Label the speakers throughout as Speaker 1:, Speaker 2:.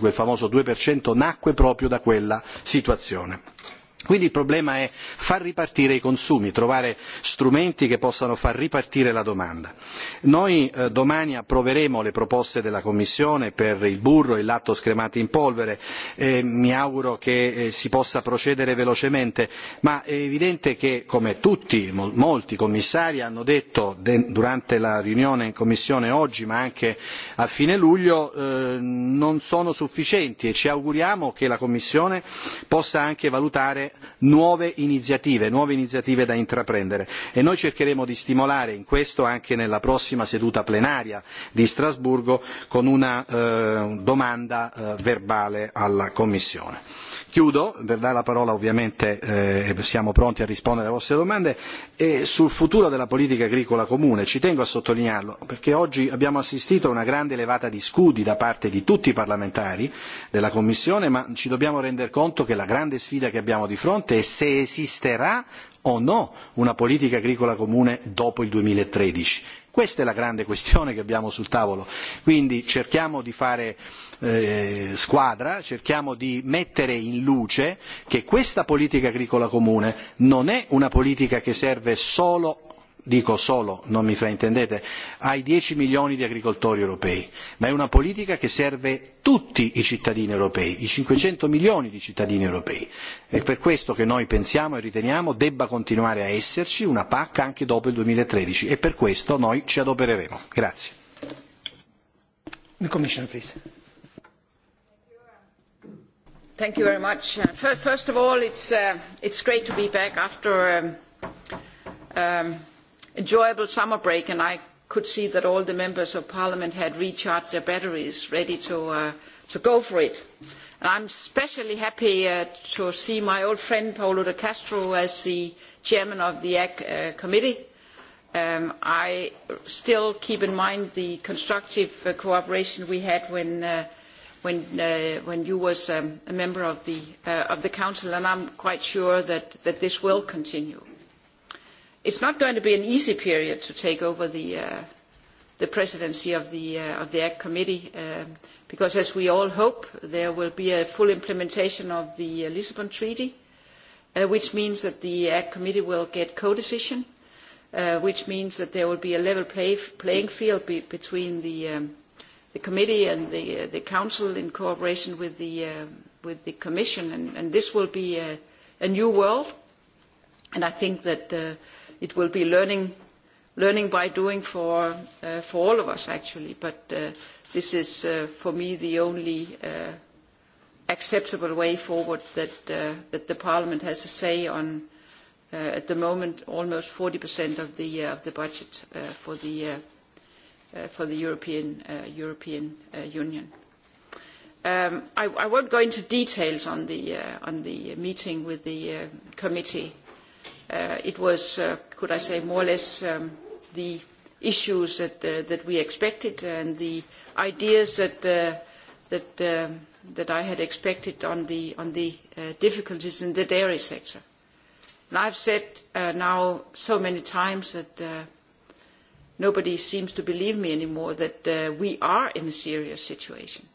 Speaker 1: quel famoso due nacque proprio da quella situazione. Quindi il problema è far ripartire i consumi, trovare strumenti che possano far ripartire la domanda. Noi domani approveremo le proposte della Commissione per il burro e il latte scremato in polvere e mi auguro che si possa procedere velocemente, ma è evidente che, come tutti, molti commissari hanno detto durante la riunione in Commissione oggi, ma anche a fine luglio, non sono sufficienti e ci auguriamo che la Commissione possa anche valutare nuove iniziative, nuove iniziative da intraprendere e noi cercheremo di stimolare in questo anche nella prossima seduta plenaria di Strasburgo con una domanda verbale alla Commissione. Chiudo, per dare la parola ovviamente e siamo pronti a rispondere alle vostre domande, e sul futuro della politica agricola comune ci tengo a sottolinearlo perché oggi abbiamo assistito a una grande levata di scudi da parte di tutti i parlamentari della Commissione ma ci dobbiamo rendere conto che la grande sfida che abbiamo di fronte è se esisterà o no una politica agricola comune dopo il duemilatredici. Questa è la grande questione che abbiamo sul tavolo. Quindi cerchiamo di fare squadra, cerchiamo di mettere in luce che questa politica agricola comune non è una politica che serve solo dico solo, non mi fraintendete, ai dieci milioni di agricoltori europei, ma è una politica che serve tutti i cittadini europei, i cinquecento milioni di cittadini europei. È per questo che noi pensiamo e riteniamo debba continuare a esserci una PAC anche dopo il duemilatredici e per questo noi ci adopereremo. Grazie.
Speaker 2: Thank
Speaker 3: you very much. First of all, it's, uh, it's great to be back after um, um, enjoyable summer break, and I could see that all the members of parliament had recharged their batteries, ready to, go for it. And I'm especially happy to see my old friend Paolo de Castro as the chairman of the AG committee. I still keep in mind the constructive cooperation we had when you was a member of the council, and I'm quite sure that this will continue It's not going to be an easy period to take over the uh, the presidency of the uh, of the Act Committee, um, because as we all hope, there will be a full implementation of the Lisbon Treaty, uh, which means that the Act Committee will get co-decision, uh, which means that there will be a level play, playing field be, between the um, the committee and the uh, the council in cooperation with the uh, with the commission, and, and this will be a, a new world, and I think that. Uh, it will be learning learning by doing for uh, for all of us actually. But uh, this is uh, for me the only uh, acceptable way forward that uh, that the Parliament has a say on. Uh, at the moment, almost 40% of the uh, of the budget uh, for the uh, uh, for the European uh, European uh, Union. Um, I, I won't go into details on the uh, on the meeting with the uh, committee It was, could I say, more or less the issues that we expected and the ideas that I had expected on the difficulties in the dairy sector. I have said now so many times that nobody seems to believe me anymore that we are in a serious situation.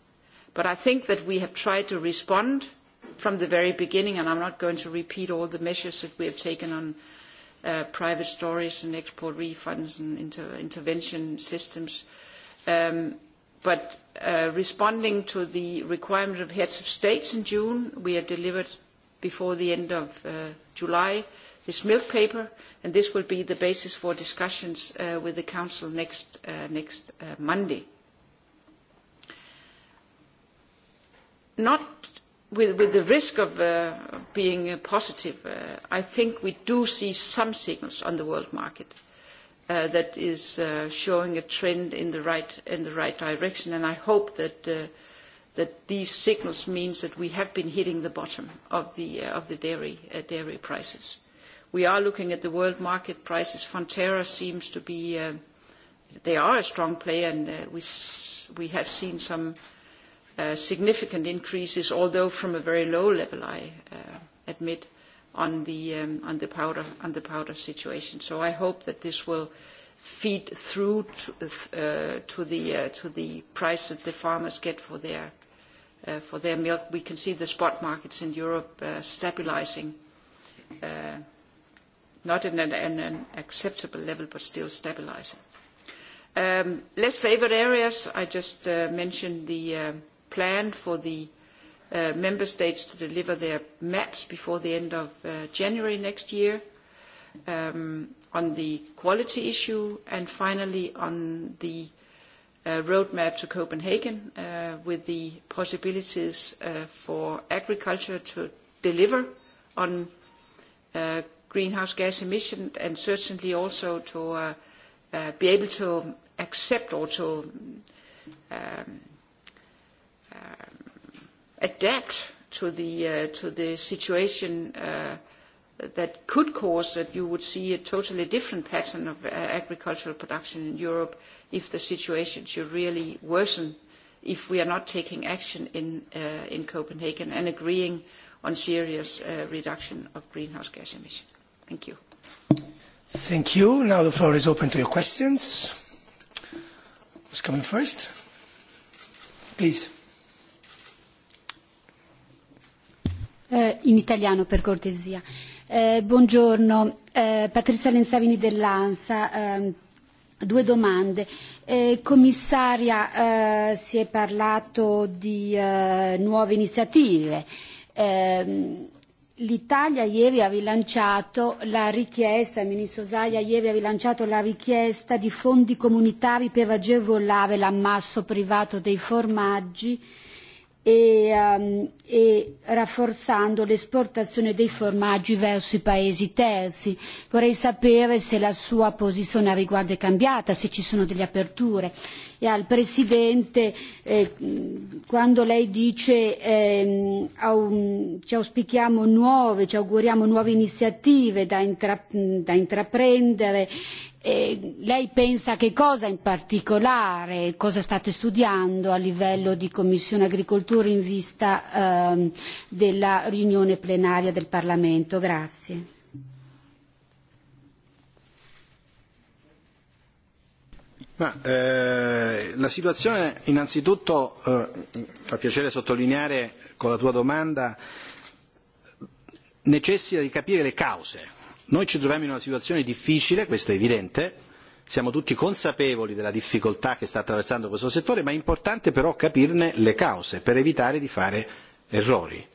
Speaker 3: But I think that we have tried to respond from the very beginning, and I'm not going to repeat all the measures that we have taken on private storage and export refunds and intervention systems. But responding to the requirement of heads of states in June, we have delivered before the end of July this milk paper, and this will be the basis for discussions with the Council next Monday. Not with, with the risk of uh, being uh, positive, uh, I think we do see some signals on the world market uh, that is uh, showing a trend in the right in the right direction, and I hope that uh, that these signals means that we have been hitting the bottom of the uh, of the dairy uh, dairy prices. We are looking at the world market prices. Fonterra seems to be uh, they are a strong player, and uh, we s- we have seen some significant increases, although from a very low level, I admit, on the powder situation. So I hope that this will feed through to the price that the farmers get for their milk. We can see the spot markets in Europe stabilizing, not at an acceptable level, but still stabilizing. Less favored areas, I just mentioned the plan for the member states to deliver their maps before the end of January next year on the quality issue, and finally on the roadmap to Copenhagen with the possibilities for agriculture to deliver on greenhouse gas emission and certainly also to be able to accept or to adapt to the to the situation that could cause that you would see a totally different pattern of agricultural production in Europe if the situation should really worsen if we are not taking action in Copenhagen and agreeing on serious reduction of greenhouse gas emissions. Thank you.
Speaker 2: Thank you. Now the floor is open to your questions. Who's coming first? Please.
Speaker 4: in italiano per cortesia. buongiorno, Patrizia Lensavini dell'ANSA. due domande. commissaria, si è parlato di nuove iniziative. L'Italia ieri ha rilanciato la richiesta, il ministro Zaia ieri ha rilanciato la richiesta di fondi comunitari per agevolare l'ammasso privato dei formaggi eh, e, e rafforzando l'esportazione dei formaggi verso i paesi terzi. Vorrei sapere se la sua posizione a riguardo è cambiata, se ci sono delle aperture. E al Presidente, eh, quando lei dice eh, au, ci auspichiamo nuove, ci auguriamo nuove iniziative da, intra, da intraprendere lei pensa che cosa in particolare, cosa state studiando a livello di Commissione Agricoltura in vista della riunione plenaria del Parlamento? Grazie.
Speaker 1: la situazione innanzitutto fa piacere sottolineare con la tua domanda necessita di capire le cause Noi ci troviamo in una situazione difficile, questo è evidente, siamo tutti consapevoli della difficoltà che sta attraversando questo settore, ma è importante però capirne le cause per evitare di fare errori.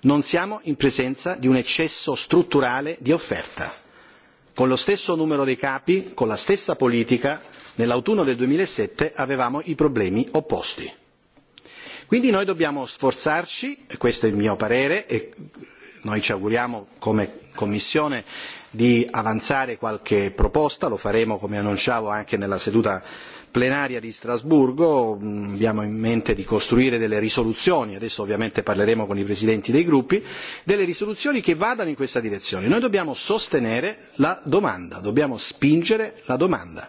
Speaker 1: Non siamo in presenza di un eccesso strutturale di offerta. Con lo stesso numero dei capi, con la stessa politica, nell'autunno del duemilasette avevamo i problemi opposti. Quindi noi dobbiamo sforzarci, e questo è il mio parere, e noi ci auguriamo come Commissione di avanzare qualche proposta, lo faremo come annunciavo anche nella seduta plenaria di Strasburgo, abbiamo in mente di costruire delle risoluzioni, adesso ovviamente parleremo con i presidenti dei gruppi, delle risoluzioni che vadano in questa direzione. Noi dobbiamo sostenere la domanda, dobbiamo spingere la domanda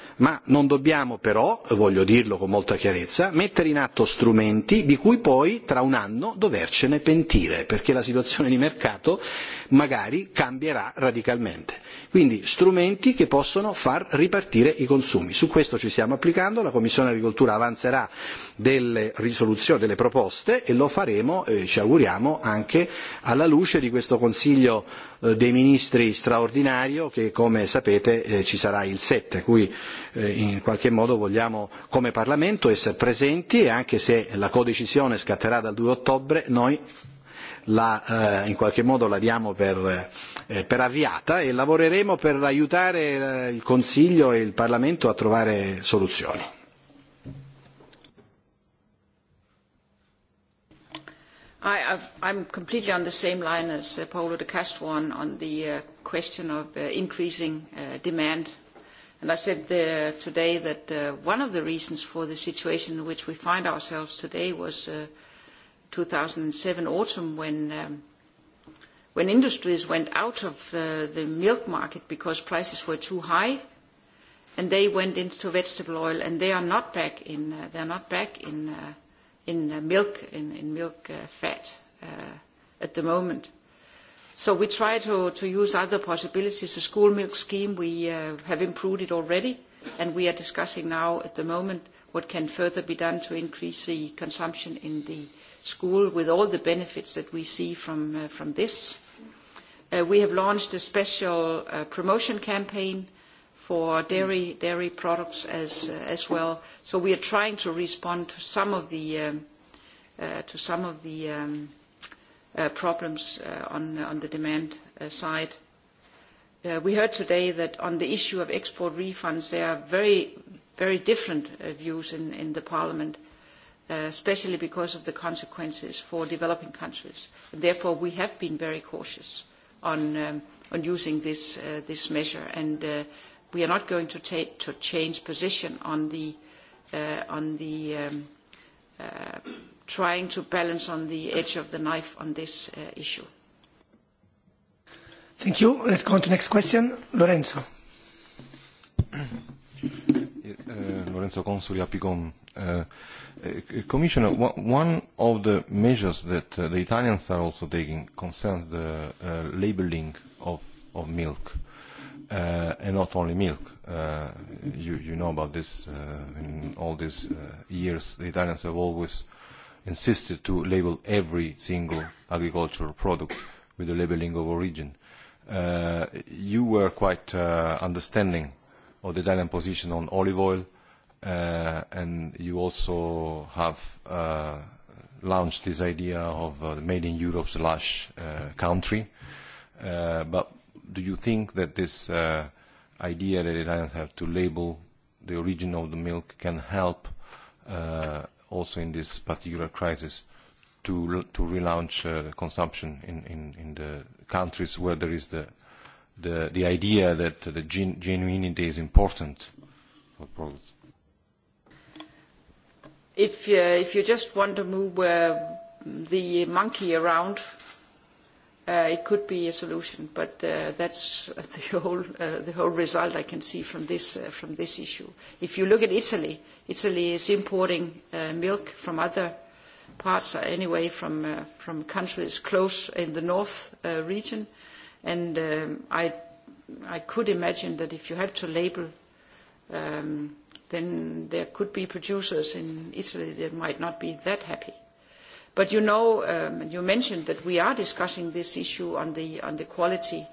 Speaker 1: ma non dobbiamo però, voglio dirlo con molta chiarezza, mettere in atto strumenti di cui poi tra un anno dovercene pentire, perché la situazione di mercato magari cambierà radicalmente. Quindi strumenti che possono far ripartire i consumi. Su questo ci stiamo applicando, la Commissione Agricoltura avanzerà delle risoluzioni, delle proposte e lo faremo, eh, ci auguriamo, anche alla luce di questo Consiglio dei ministri straordinario che come sapete ci sarà il sette, cui in qualche modo vogliamo come Parlamento essere presenti e anche se la codecisione scatterà dal due ottobre noi la, in qualche modo la diamo per, per avviata e lavoreremo per aiutare il Consiglio e il Parlamento a trovare soluzioni.
Speaker 3: I, I'm completely on the same line as Paolo de Castro on the question of increasing demand. I said today that one of the reasons for the situation in which we find ourselves today was 2007 autumn when industries went out of the milk market because prices were too high, and they went into vegetable oil, and they are not back in in uh, milk, in, in milk uh, fat uh, at the moment. So we try to, to use other possibilities. The school milk scheme, we uh, have improved it already, and we are discussing now at the moment what can further be done to increase the consumption in the school with all the benefits that we see from, uh, from this. Uh, we have launched a special uh, promotion campaign uh, for dairy products as well. So we are trying to respond to some of the problems on the demand side. We heard today that on the issue of export refunds, there are very different views in the parliament, especially because of the consequences for developing countries. Therefore, we have been very cautious on using this measure we are not going to, take, to change position on the, uh, on the um, uh, trying to balance on the edge of the knife on this uh, issue.
Speaker 2: Thank you. Let's go on to the next question. Lorenzo. Lorenzo Consoli, Apicom. Commissioner, one of the measures that the Italians are also taking concerns the labeling of milk uh, and not only milk. Uh, you, you know about this. Uh, in all these uh, years, the Italians have always insisted to label every single agricultural product with the labeling of origin. Uh, you were quite uh, understanding of the Italian position on olive oil, uh, and you also have uh, launched this idea of uh, made in Europe slash uh, country. Uh, but do you think that this uh, idea that it doesn't have to label the origin of the milk can help uh, also in this particular crisis to to relaunch uh, consumption in, in, in the countries where there is the the, the idea that the gen genuinity is important for products?
Speaker 3: If, uh, if you just want to move uh, the monkey around it could be a solution, but that's the whole the whole result I can see from this from this issue. If you look at Italy, Italy is importing milk from other parts, anyway, from from countries close in the north region, and I I could imagine that if you have to label, then there could be producers in Italy that might not be that happy But you know, and you mentioned that we are discussing this issue on the, on the quality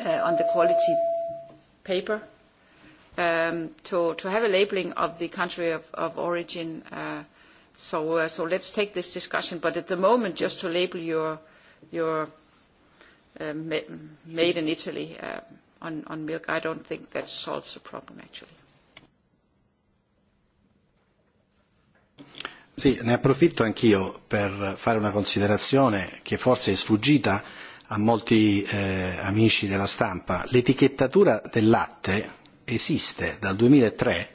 Speaker 3: uh, on the quality paper um, to, to have a labeling of the country of, of origin. Uh, so, uh, so let's take this discussion. But at the moment, just to label your, your made in Italy uh, on, on milk, I don't think that solves the problem actually.
Speaker 1: Sì, ne approfitto anch'io per fare una considerazione che forse è sfuggita a molti eh, amici della stampa. L'etichettatura del latte esiste dal 2003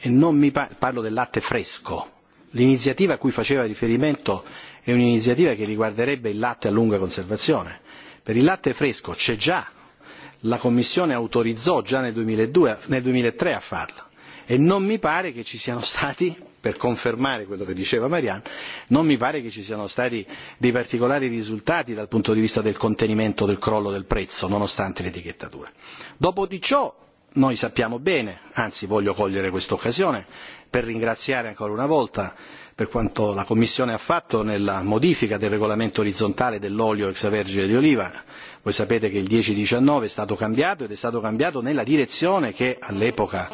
Speaker 1: e non mi pa- parlo del latte fresco. L'iniziativa a cui faceva riferimento è un'iniziativa che riguarderebbe il latte a lunga conservazione. Per il latte fresco c'è già, la Commissione autorizzò già nel, 2002, nel 2003 a farla e non mi pare che ci siano stati per confermare quello che diceva Marianne, non mi pare che ci siano stati dei particolari risultati dal punto di vista del contenimento del crollo del prezzo, nonostante l'etichettatura. Dopo di ciò noi sappiamo bene, anzi voglio cogliere questa occasione per ringraziare ancora una volta per quanto la Commissione ha fatto nella modifica del regolamento orizzontale dell'olio extravergine di oliva. Voi sapete che il 10-19 è stato cambiato ed è stato cambiato nella direzione che all'epoca,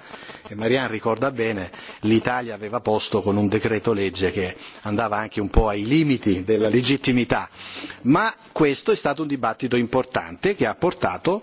Speaker 1: e Marianne ricorda bene, l'Italia aveva posto con un decreto legge che andava anche un po' ai limiti della legittimità. Ma questo è stato un dibattito importante che ha portato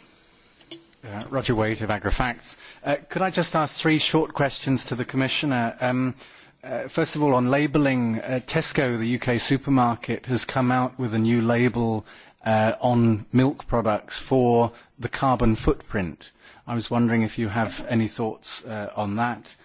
Speaker 1: Roger Waite of AgriFacts. Could I just ask three short questions to the Commissioner? First of all, on labelling, Tesco, the U.K. supermarket, has come out with a new label on milk products for the carbon footprint. I was wondering if you have any thoughts on that.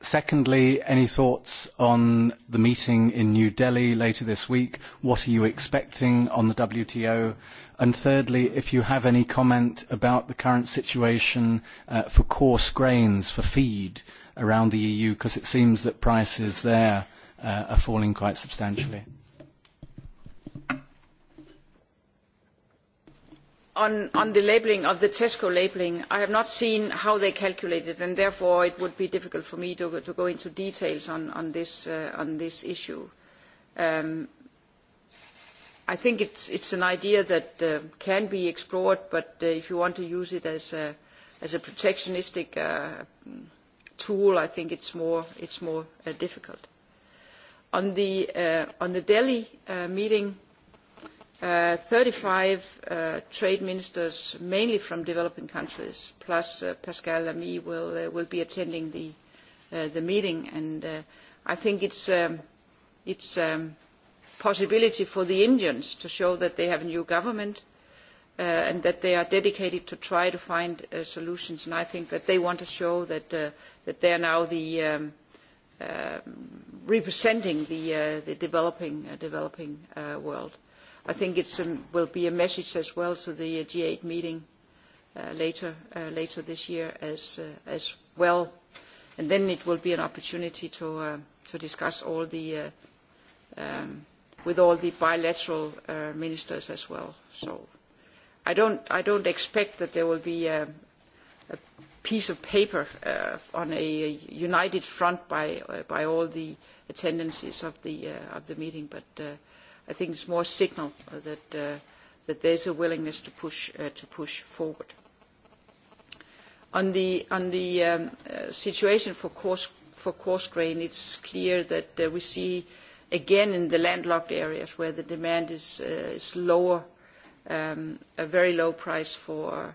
Speaker 1: Secondly, any thoughts on the meeting in New Delhi later this week? What are you expecting on the WTO? And thirdly, if you have any comment about the current situation for coarse grains, for feed around the EU, because it seems that prices there are falling quite substantially.
Speaker 3: On the labeling of the Tesco labeling, I have not seen how they calculate it, and therefore it would be difficult for me to go into details on this issue. I think it's an idea that can be explored, but if you want to use it as a protectionistic tool, I think it's more difficult. On the Delhi meeting, thirty five trade ministers, mainly from developing countries, plus Pascal Lamy will, be attending the, meeting. And I think it's, it's a possibility for the Indians to show that they have a new government and that they are dedicated to try to find solutions. And I think that they want to show that, they are now the, representing the, developing, world I think it will be a message as well to the G8 meeting later this year as well. And Then it will be an opportunity to discuss all the with all the bilateral ministers as well. So I don't expect that there will be a piece of paper on a united front by all the attendances of the meeting, but I think it's more a signal that, uh, that there's a willingness to push, uh, to push forward. On the, on the um, uh, situation for coarse, for coarse grain, it's clear that uh, we see again in the landlocked areas where the demand is, uh, is lower, um, a very low price for,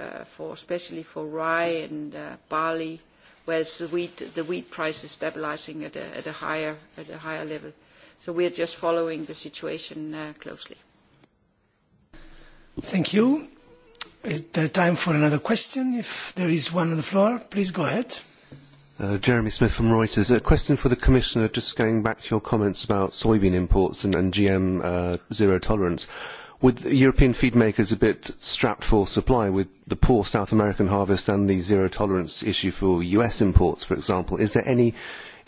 Speaker 3: uh, for especially for rye and uh, barley, whereas the wheat, the wheat price is stabilizing at a, at a, higher, at a higher level So we are just following the situation closely.
Speaker 2: Thank you. Is there time for another question? If there is one on the floor, please go ahead. Jeremy Smith from Reuters. A question for the Commissioner, just going back to your comments about soybean imports and, and GM zero tolerance. With European feed makers a bit strapped for supply with the poor South American harvest and the zero tolerance issue for US imports, for example, is there any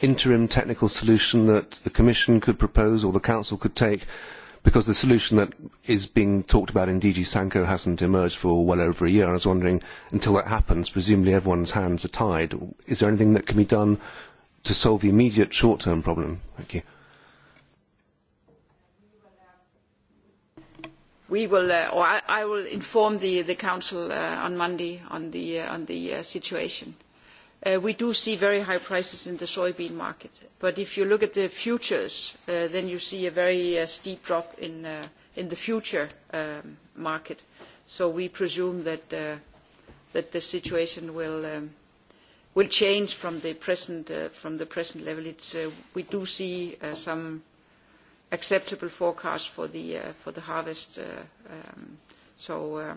Speaker 2: interim technical solution that the Commission could propose or the Council could take because the solution that is being talked about in DG Sanko hasn't emerged for well over a year. I was wondering, until that happens, presumably everyone's hands are tied. Is there anything that can be done to solve the immediate short-term problem? Thank you.
Speaker 3: We will, or I will inform the Council on Monday on the situation we do see very high prices in the soybean market. But if you look at the futures, then you see a very steep drop in the future market. So we presume that the situation will change from the present level. We do see some acceptable forecasts for the harvest. So